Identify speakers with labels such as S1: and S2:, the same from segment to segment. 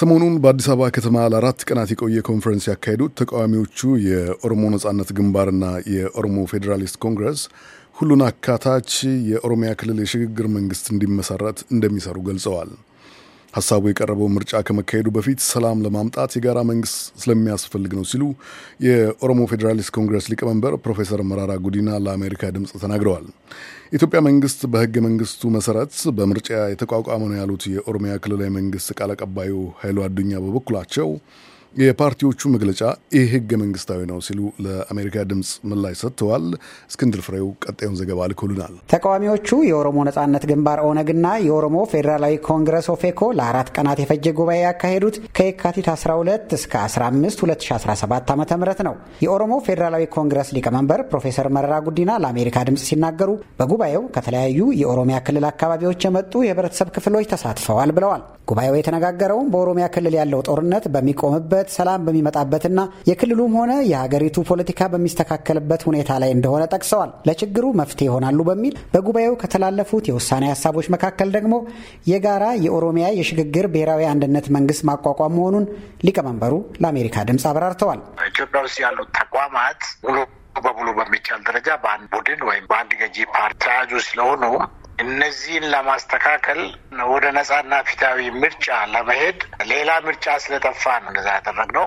S1: ሰሞኑን በአዲስ አበባ ከተማ ለአራት ቀናት የቆየ ኮንፈረንስ ያካሄዱት ተቃዋሚዎቹ የኦሮሞ ነጻነት ግንባርና የኦሮሞ ፌዴራሊስት ኮንግረስ ሁሉን አካታች የኦሮሚያ ክልል የሽግግር መንግስት እንዲመሰረት እንደሚሰሩ ገልጸዋል። ሀሳቡ የቀረበው ምርጫ ከመካሄዱ በፊት ሰላም ለማምጣት የጋራ መንግስት ስለሚያስፈልግ ነው ሲሉ የኦሮሞ ፌዴራሊስት ኮንግረስ ሊቀመንበር ፕሮፌሰር መራራ ጉዲና ለአሜሪካ ድምፅ ተናግረዋል። ኢትዮጵያ መንግስት በህገ መንግስቱ መሰረት በምርጫ የተቋቋመ ነው ያሉት የኦሮሚያ ክልላዊ መንግስት ቃል አቀባዩ ኃይሉ አዱኛ በበኩላቸው የፓርቲዎቹ መግለጫ ይህ ህገ መንግስታዊ ነው ሲሉ ለአሜሪካ ድምፅ ምላሽ ሰጥተዋል። እስክንድር ፍሬው ቀጣዩን ዘገባ ልኮልናል።
S2: ተቃዋሚዎቹ የኦሮሞ ነጻነት ግንባር ኦነግና የኦሮሞ ፌዴራላዊ ኮንግረስ ኦፌኮ ለአራት ቀናት የፈጀ ጉባኤ ያካሄዱት ከየካቲት 12 እስከ 15 2017 ዓ ም ነው። የኦሮሞ ፌዴራላዊ ኮንግረስ ሊቀመንበር ፕሮፌሰር መረራ ጉዲና ለአሜሪካ ድምፅ ሲናገሩ በጉባኤው ከተለያዩ የኦሮሚያ ክልል አካባቢዎች የመጡ የህብረተሰብ ክፍሎች ተሳትፈዋል ብለዋል። ጉባኤው የተነጋገረውም በኦሮሚያ ክልል ያለው ጦርነት በሚቆምበት በሚኖርበት ሰላም በሚመጣበትና የክልሉም ሆነ የሀገሪቱ ፖለቲካ በሚስተካከልበት ሁኔታ ላይ እንደሆነ ጠቅሰዋል። ለችግሩ መፍትሄ ይሆናሉ በሚል በጉባኤው ከተላለፉት የውሳኔ ሀሳቦች መካከል ደግሞ የጋራ የኦሮሚያ የሽግግር ብሔራዊ አንድነት መንግስት ማቋቋም መሆኑን ሊቀመንበሩ ለአሜሪካ ድምፅ አብራርተዋል። ኢትዮጵያ ውስጥ ያሉት
S3: ተቋማት ሙሉ በሙሉ በሚቻል ደረጃ በአንድ ቡድን ወይም በአንድ ገዢ ፓርቲ ተያዙ ስለሆኑ እነዚህን ለማስተካከል ወደ ነጻና ፊታዊ ምርጫ ለመሄድ ሌላ ምርጫ ስለጠፋ ነው እንደዛ ያደረግነው።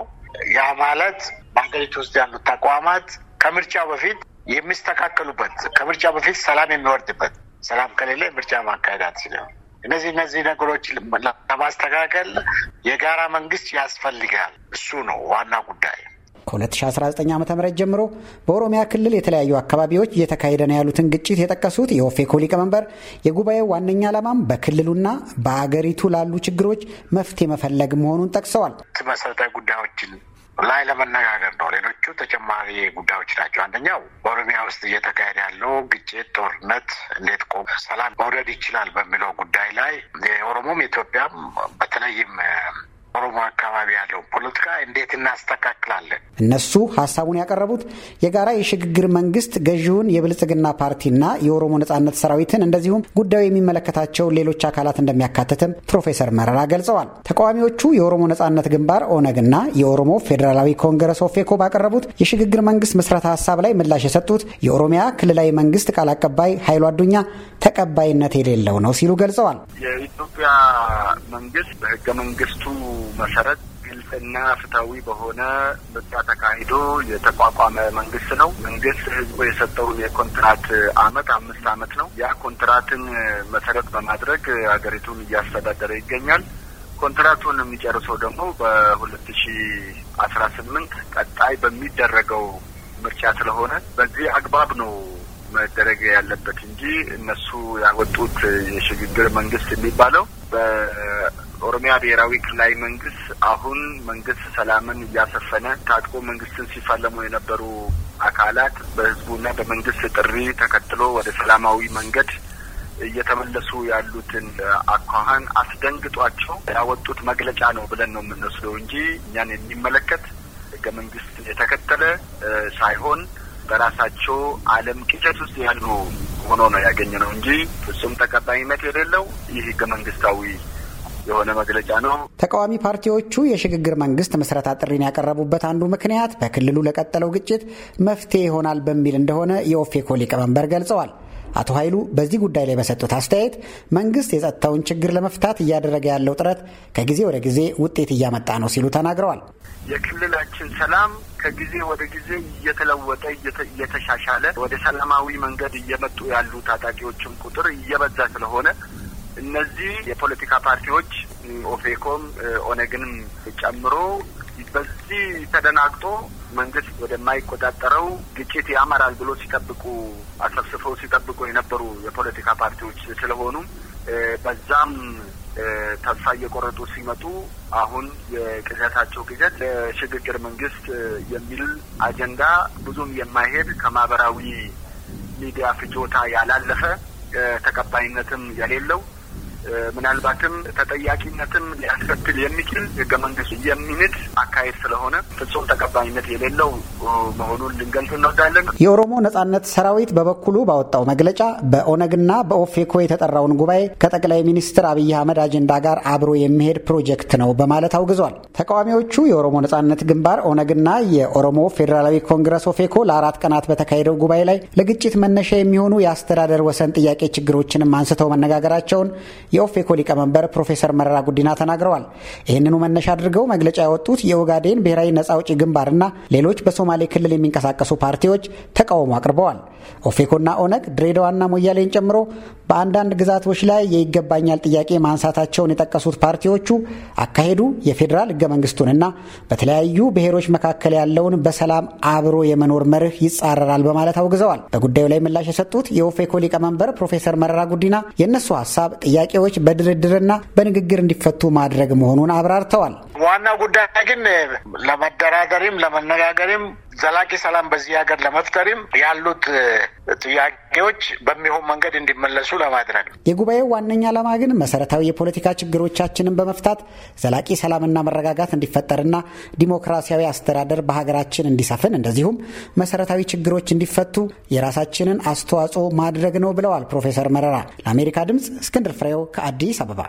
S3: ያ ማለት በሀገሪቱ ውስጥ ያሉት ተቋማት ከምርጫው በፊት የሚስተካከሉበት፣ ከምርጫው በፊት ሰላም የሚወርድበት፣ ሰላም ከሌለ ምርጫ ማካሄድ አትችልም። እነዚህ እነዚህ ነገሮች ለማስተካከል የጋራ መንግስት ያስፈልጋል። እሱ ነው ዋና ጉዳይ።
S2: ከ2019 ዓ ም ጀምሮ በኦሮሚያ ክልል የተለያዩ አካባቢዎች እየተካሄደ ነው ያሉትን ግጭት የጠቀሱት የኦፌኮ ሊቀመንበር የጉባኤው ዋነኛ ዓላማም በክልሉና በአገሪቱ ላሉ ችግሮች መፍትሄ መፈለግ መሆኑን ጠቅሰዋል። መሰረታዊ ጉዳዮችን ላይ ለመነጋገር ነው። ሌሎቹ ተጨማሪ ጉዳዮች
S3: ናቸው። አንደኛው በኦሮሚያ ውስጥ እየተካሄደ ያለው ግጭት፣ ጦርነት እንዴት ቆ ሰላም መውረድ ይችላል በሚለው ጉዳይ ላይ የኦሮሞም የኢትዮጵያም በተለይም
S2: ኦሮሞ አካባቢ ያለው ፖለቲካ እንዴት እናስተካክላለን? እነሱ ሀሳቡን ያቀረቡት የጋራ የሽግግር መንግስት ገዢውን የብልጽግና ፓርቲና የኦሮሞ ነጻነት ሰራዊትን እንደዚሁም ጉዳዩ የሚመለከታቸው ሌሎች አካላት እንደሚያካትትም ፕሮፌሰር መረራ ገልጸዋል። ተቃዋሚዎቹ የኦሮሞ ነጻነት ግንባር ኦነግና የኦሮሞ ፌዴራላዊ ኮንግረስ ኦፌኮ ባቀረቡት የሽግግር መንግስት ምስረታ ሀሳብ ላይ ምላሽ የሰጡት የኦሮሚያ ክልላዊ መንግስት ቃል አቀባይ ኃይሉ አዱኛ ተቀባይነት የሌለው ነው ሲሉ ገልጸዋል።
S1: የኢትዮጵያ መንግስት በህገ መንግስቱ መሰረት ግልጽና ፍትሐዊ በሆነ ምርጫ ተካሂዶ የተቋቋመ መንግስት ነው። መንግስት ህዝቡ የሰጠውን የኮንትራት አመት አምስት አመት ነው። ያ ኮንትራትን መሰረት በማድረግ ሀገሪቱን እያስተዳደረ ይገኛል። ኮንትራቱን የሚጨርሰው ደግሞ በሁለት ሺ አስራ ስምንት ቀጣይ በሚደረገው ምርጫ ስለሆነ በዚህ አግባብ ነው መደረግ ያለበት እንጂ እነሱ ያወጡት የሽግግር መንግስት የሚባለው በኦሮሚያ ብሔራዊ ክልላዊ መንግስት አሁን መንግስት ሰላምን እያሰፈነ ታጥቆ መንግስትን ሲፋለሙ የነበሩ አካላት በህዝቡና በመንግስት ጥሪ ተከትሎ ወደ ሰላማዊ መንገድ እየተመለሱ ያሉትን አኳኋን አስደንግጧቸው ያወጡት መግለጫ ነው ብለን ነው የምንወስደው እንጂ እኛን የሚመለከት ህገ መንግስት የተከተለ ሳይሆን በራሳቸው ዓለም ቅጨት ውስጥ ያሉ ሆኖ ነው ያገኘ ነው እንጂ ፍጹም ተቀባይነት የሌለው ይህ ህገ መንግስታዊ የሆነ መግለጫ ነው።
S2: ተቃዋሚ ፓርቲዎቹ የሽግግር መንግስት ምስረታ ጥሪን ያቀረቡበት አንዱ ምክንያት በክልሉ ለቀጠለው ግጭት መፍትሄ ይሆናል በሚል እንደሆነ የኦፌኮ ሊቀመንበር ገልጸዋል። አቶ ኃይሉ በዚህ ጉዳይ ላይ በሰጡት አስተያየት መንግስት የጸጥታውን ችግር ለመፍታት እያደረገ ያለው ጥረት ከጊዜ ወደ ጊዜ ውጤት እያመጣ ነው ሲሉ ተናግረዋል።
S1: የክልላችን ሰላም ከጊዜ ወደ ጊዜ እየተለወጠ እየተሻሻለ ወደ ሰላማዊ መንገድ እየመጡ ያሉ ታጣቂዎችም ቁጥር እየበዛ ስለሆነ እነዚህ የፖለቲካ ፓርቲዎች ኦፌኮም ኦነግንም ጨምሮ በዚህ ተደናግጦ መንግስት ወደማይቆጣጠረው ግጭት ያመራል ብሎ ሲጠብቁ አሰብስፈው ሲጠብቁ የነበሩ የፖለቲካ ፓርቲዎች ስለሆኑ በዛም ተስፋ እየቆረጡ ሲመጡ አሁን የቅዠታቸው ቅዠት ለሽግግር መንግስት የሚል አጀንዳ ብዙም የማይሄድ ከማህበራዊ ሚዲያ ፍጆታ ያላለፈ ተቀባይነትም የሌለው ምናልባትም ተጠያቂነትም ሊያስከትል የሚችል ህገ መንግስት የሚንድ አካሄድ ስለሆነ ፍጹም ተቀባይነት የሌለው መሆኑን
S2: ልንገልጽ እንወዳለን። የኦሮሞ ነጻነት ሰራዊት በበኩሉ ባወጣው መግለጫ በኦነግና በኦፌኮ የተጠራውን ጉባኤ ከጠቅላይ ሚኒስትር አብይ አህመድ አጀንዳ ጋር አብሮ የሚሄድ ፕሮጀክት ነው በማለት አውግዟል። ተቃዋሚዎቹ የኦሮሞ ነጻነት ግንባር ኦነግና የኦሮሞ ፌዴራላዊ ኮንግረስ ኦፌኮ ለአራት ቀናት በተካሄደው ጉባኤ ላይ ለግጭት መነሻ የሚሆኑ የአስተዳደር ወሰን ጥያቄ ችግሮችንም አንስተው መነጋገራቸውን የኦፌኮ ሊቀመንበር ፕሮፌሰር መረራ ጉዲና ተናግረዋል። ይህንኑ መነሻ አድርገው መግለጫ ያወጡት የኦጋዴን ብሔራዊ ነጻ አውጪ ግንባርና ሌሎች በሶማሌ ክልል የሚንቀሳቀሱ ፓርቲዎች ተቃውሞ አቅርበዋል። ኦፌኮና ኦነግ ድሬዳዋና ሞያሌን ጨምሮ በአንዳንድ ግዛቶች ላይ የይገባኛል ጥያቄ ማንሳታቸውን የጠቀሱት ፓርቲዎቹ አካሄዱ የፌዴራል ህገ መንግስቱንና በተለያዩ ብሔሮች መካከል ያለውን በሰላም አብሮ የመኖር መርህ ይጻረራል በማለት አውግዘዋል። በጉዳዩ ላይ ምላሽ የሰጡት የኦፌኮ ሊቀመንበር ፕሮፌሰር መረራ ጉዲና የእነሱ ሀሳብ ጥያቄው ጉዳዮች በድርድርና በንግግር እንዲፈቱ ማድረግ መሆኑን አብራርተዋል።
S3: ዋና ጉዳይ ግን ለመደራደሪም ለመነጋገሪም ዘላቂ ሰላም በዚህ ሀገር ለመፍጠርም ያሉት ጥያቄዎች በሚሆን መንገድ እንዲመለሱ ለማድረግ
S2: የጉባኤው ዋነኛ ዓላማ ግን መሰረታዊ የፖለቲካ ችግሮቻችንን በመፍታት ዘላቂ ሰላምና መረጋጋት እንዲፈጠርና ዲሞክራሲያዊ አስተዳደር በሀገራችን እንዲሰፍን እንደዚሁም መሰረታዊ ችግሮች እንዲፈቱ የራሳችንን አስተዋጽኦ ማድረግ ነው ብለዋል ፕሮፌሰር መረራ። ለአሜሪካ ድምፅ እስክንድር ፍሬው ከአዲስ አበባ